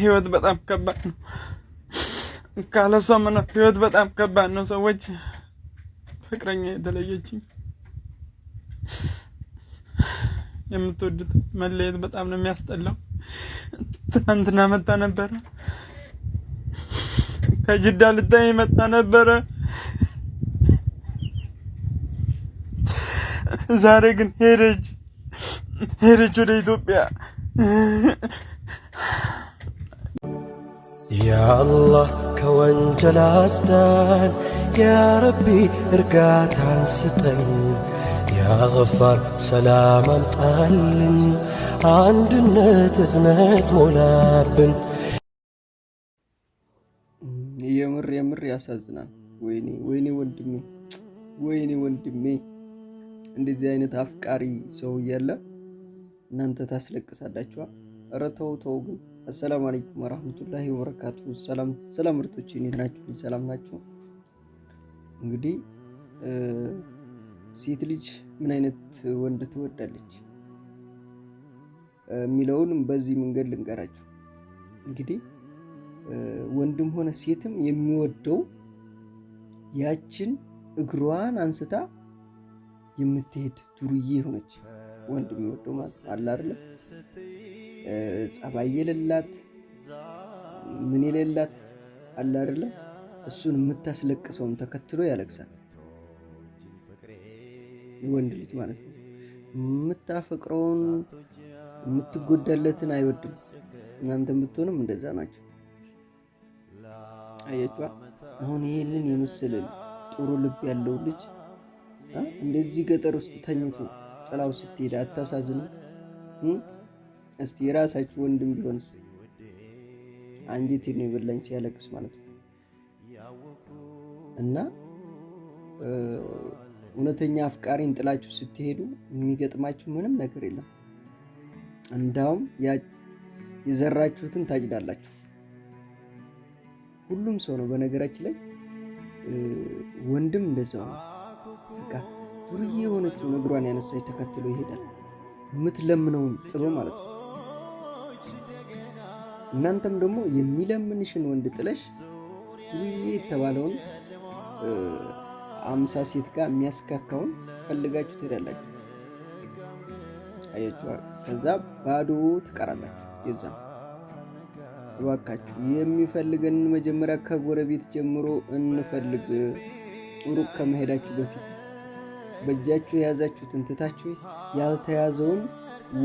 ህይወት በጣም ከባድ ነው። ካለ ሰው መኖር ህይወት በጣም ከባድ ነው። ሰዎች ፍቅረኛ የተለየች የምትወዱት መለየት በጣም ነው የሚያስጠላው። ትናንትና መጣ ነበረ፣ ከጅዳ ልታይ መጣ ነበረ። ዛሬ ግን ሄደች ሄደች ወደ ኢትዮጵያ ያአላህ ከወንጀል አስዳን፣ ያረቢ እርጋታን ስጠኝ፣ ያገፋር ሰላም አምጣልን፣ አንድነት እዝነት ሞላብን። የምር የምር ያሳዝናል። ወይኔ ወይኔ ወንድሜ ወይኔ ወንድሜ እንደዚህ አይነት አፍቃሪ ሰው እያለ እናንተ ታስለቅሳላችኋል። ኧረ ተው ተው ግን አሰላሙ አለይኩም ወራህመቱላሂ ወበረካቱ። ሰላም ሰላም ምርጦች እንዴት ናችሁ? ሰላም ናችሁ? እንግዲህ ሴት ልጅ ምን አይነት ወንድ ትወዳለች የሚለውን በዚህ መንገድ ልንገራችሁ። እንግዲህ ወንድም ሆነ ሴትም የሚወደው ያችን እግሯን አንስታ የምትሄድ ዱርዬ ሆነች ወንድ የሚወደው ማለት አለ አይደለም ጸባይ የሌላት ምን የሌላት አለ አይደለ? እሱን የምታስለቅሰውን ተከትሎ ያለቅሳል ወንድ ልጅ ማለት ነው። የምታፈቅረውን የምትጎዳለትን አይወድም። እናንተ የምትሆንም እንደዛ ናቸው። አያችሁ አሁን ይህንን የመሰለ ጥሩ ልብ ያለው ልጅ እንደዚህ ገጠር ውስጥ ተኝቶ ጥላው ስትሄድ አታሳዝንም? እስቲ የራሳችሁ ወንድም ቢሆንስ አንዴት ነው የበላኝ ሲያለቅስ ማለት ነው። እና እውነተኛ አፍቃሪን ጥላችሁ ስትሄዱ የሚገጥማችሁ ምንም ነገር የለም። እንዳውም የዘራችሁትን ታጭዳላችሁ። ሁሉም ሰው ነው በነገራችን ላይ ወንድም እንደዛው ነው። በቃ ዱርዬ የሆነችው እግሯን ያነሳች ተከትሎ ይሄዳል። የምትለምነውም ጥሎ ማለት ነው። እናንተም ደግሞ የሚለምንሽን ወንድ ጥለሽ ብዙ የተባለውን አምሳ ሴት ጋር የሚያስካካውን ፈልጋችሁ ትሄዳላችሁ። አያችኋል። ከዛ ባዶ ትቀራላችሁ። የዛ እባካችሁ የሚፈልገን መጀመሪያ ከጎረቤት ጀምሮ እንፈልግ። ሩቅ ከመሄዳችሁ በፊት በእጃችሁ የያዛችሁትን ትታችሁ ያልተያዘውን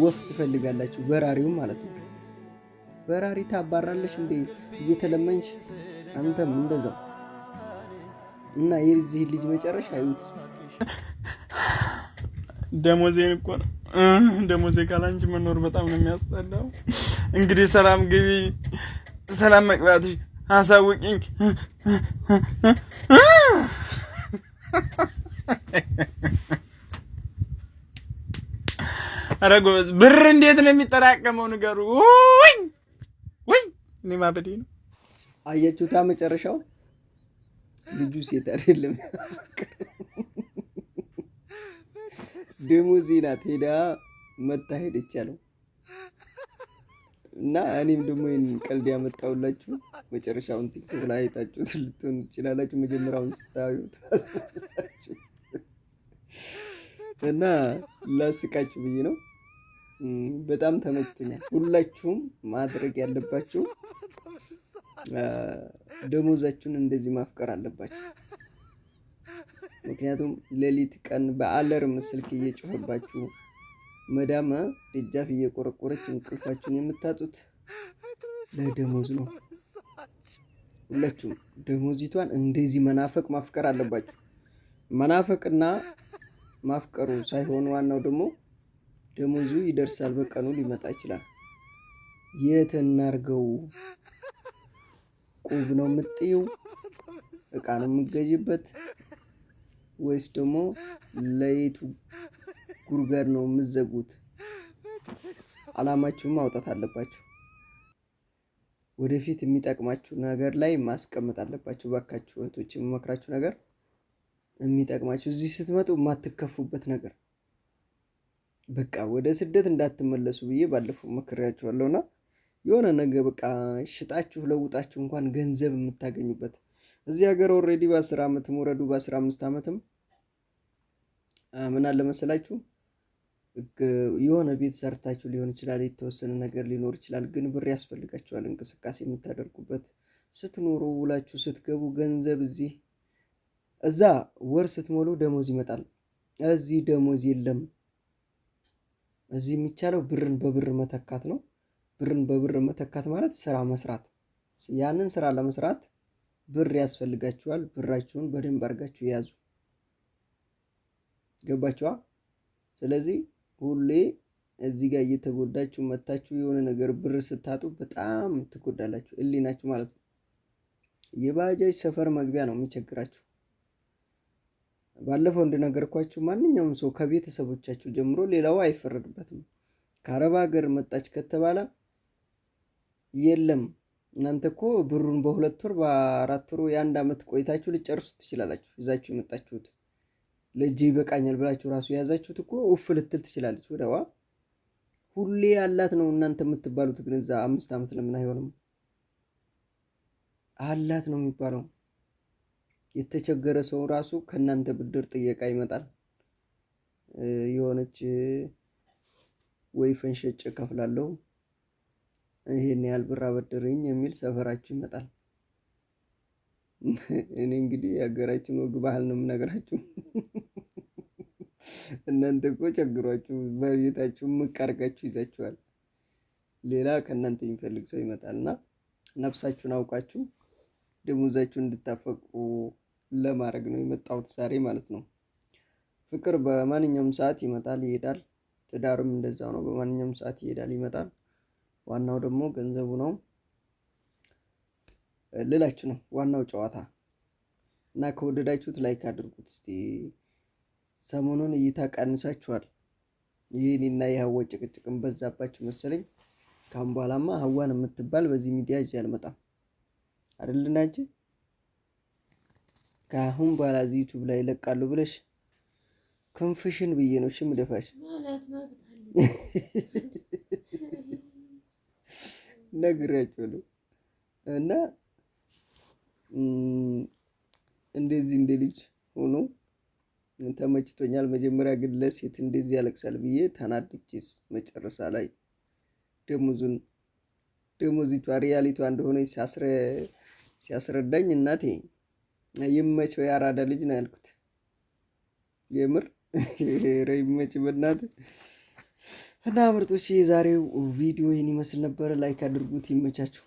ወፍ ትፈልጋላችሁ፣ በራሪው ማለት ነው። በራሪ ታባራለሽ እንዴ እየተለመንሽ አንተም እንደዛው እና የዚህ ልጅ መጨረሻ ይሁት እስቲ ደሞዜን እኮ ነው ደሞዜ ካላንቺ መኖር በጣም ነው የሚያስጠላው እንግዲህ ሰላም ግቢ ሰላም መግባትሽ አሳውቂኝ ኧረ ጎበዝ ብር እንዴት ነው የሚጠራቀመው ንገሩ ወይ እኔ ማበዴ ነው። አያችሁታ መጨረሻው ልጁ ሴት አይደለም። ደሞ ዜና ሄዳ መታ ሄደች አለው እና እኔም ደግሞ ይህን ቀልድ ያመጣውላችሁ መጨረሻውን ቲክቶክ ላይ አይታችሁት ልትሆን ትችላላችሁ። መጀመሪያውን ስታዩ ታስላችሁ እና ላስቃችሁ ብዬ ነው። በጣም ተመችቶኛል። ሁላችሁም ማድረግ ያለባችሁ ደሞዛችሁን እንደዚህ ማፍቀር አለባችሁ። ምክንያቱም ሌሊት ቀን በአለርም ስልክ እየጮኸባችሁ መዳመ ደጃፍ እየቆረቆረች እንቅልፋችሁን የምታጡት ለደሞዝ ነው። ሁላችሁም ደሞዚቷን እንደዚህ መናፈቅ ማፍቀር አለባችሁ። መናፈቅና ማፍቀሩ ሳይሆን ዋናው ደግሞ ደሞዙ ይደርሳል፣ በቀኑ ሊመጣ ይችላል። የት እናርገው? ቁብ ነው የምጥየው? እቃ ነው የምገዥበት? ወይስ ደግሞ ለየቱ ጉርገር ነው የምዘጉት? አላማችሁን ማውጣት አለባችሁ። ወደፊት የሚጠቅማችሁ ነገር ላይ ማስቀመጥ አለባችሁ። ባካችሁ እህቶች፣ የምመክራችሁ ነገር የሚጠቅማችሁ እዚህ ስትመጡ የማትከፉበት ነገር በቃ ወደ ስደት እንዳትመለሱ ብዬ ባለፈው መክሬያችኋለሁ የሆነ ነገ በቃ ሽጣችሁ ለውጣችሁ እንኳን ገንዘብ የምታገኙበት እዚህ ሀገር ኦልሬዲ በአስር ዓመትም ወረዱ በአስራ አምስት ዓመትም ምን አለ መሰላችሁ የሆነ ቤት ሰርታችሁ ሊሆን ይችላል፣ የተወሰነ ነገር ሊኖር ይችላል። ግን ብር ያስፈልጋችኋል። እንቅስቃሴ የምታደርጉበት ስትኖሩ ውላችሁ ስትገቡ ገንዘብ እዚህ እዛ ወር ስትሞሉ ደሞዝ ይመጣል። እዚህ ደሞዝ የለም። እዚህ የሚቻለው ብርን በብር መተካት ነው። ብርን በብር መተካት ማለት ስራ መስራት። ያንን ስራ ለመስራት ብር ያስፈልጋችኋል። ብራችሁን በደንብ አድርጋችሁ የያዙ ገባችኋ? ስለዚህ ሁሌ እዚህ ጋር እየተጎዳችሁ መታችሁ የሆነ ነገር ብር ስታጡ በጣም ትጎዳላችሁ። እሊ ማለት ነው። የባጃጅ ሰፈር መግቢያ ነው የሚቸግራችሁ። ባለፈው እንደነገርኳችሁ ማንኛውም ሰው ከቤተሰቦቻቸው ጀምሮ ሌላው አይፈረድበትም። ከአረብ ሀገር መጣች ከተባለ የለም እናንተ እኮ ብሩን በሁለት ወር በአራት ወር የአንድ ዓመት ቆይታችሁ ልጨርሱት ትችላላችሁ። ይዛችሁ የመጣችሁት ለእጄ ይበቃኛል ብላችሁ ራሱ የያዛችሁት እኮ ውፍ ልትል ትችላለች። ወደዋ ሁሌ አላት ነው እናንተ የምትባሉት። ግን እዛ አምስት ዓመት ለምን አይሆንም? አላት ነው የሚባለው። የተቸገረ ሰው ራሱ ከእናንተ ብድር ጥየቃ ይመጣል። የሆነች ወይፈን ሸጬ ከፍላለሁ ይሄን ያህል ብር አበድርኝ የሚል ሰፈራችሁ ይመጣል። እኔ እንግዲህ የሀገራችን ወግ ባህል ነው የምነግራችሁ። እናንተ እኮ ቸግሯችሁ በቤታችሁ ምቃርጋችሁ ይዛችኋል። ሌላ ከእናንተ የሚፈልግ ሰው ይመጣል ና ነፍሳችሁን አውቃችሁ ደሞዛችሁን እንድታፈቁ ለማድረግ ነው የመጣሁት ዛሬ ማለት ነው። ፍቅር በማንኛውም ሰዓት ይመጣል ይሄዳል። ትዳርም እንደዛው ነው። በማንኛውም ሰዓት ይሄዳል ይመጣል። ዋናው ደግሞ ገንዘቡ ነው ልላችሁ ነው። ዋናው ጨዋታ እና ከወደዳችሁት ላይክ አድርጉት እስቲ። ሰሞኑን እይታ ቀንሳችኋል። ይህኔና የሀዋ ጭቅጭቅን በዛባችሁ መሰለኝ። ካሁን በኋላማ ሀዋን የምትባል በዚህ ሚዲያ እዚህ አልመጣም። አይደልናችሁ ከአሁን በኋላ እዚህ ዩቱብ ላይ ይለቃሉ ብለሽ ኮንፌሽን ብዬ ነው ሽም ደፋሽ ነግሬያቸው ነው። እና እንደዚህ እንደ ልጅ ሆኖ ተመችቶኛል። መጀመሪያ ግን ለሴት እንደዚህ ያለቅሳል ብዬ ተናድጄስ መጨረሻ ላይ ደሞዙን ደሞዚቷ ሪያሊቷ እንደሆነ ሲያስረዳኝ እናቴ ይመቸው የአራዳ ልጅ ነው ያልኩት። የምር ይመች በእናትህ እና ምርጦች፣ የዛሬው ቪዲዮ ይህን ይመስል ነበረ። ላይክ አድርጉት። ይመቻችሁ።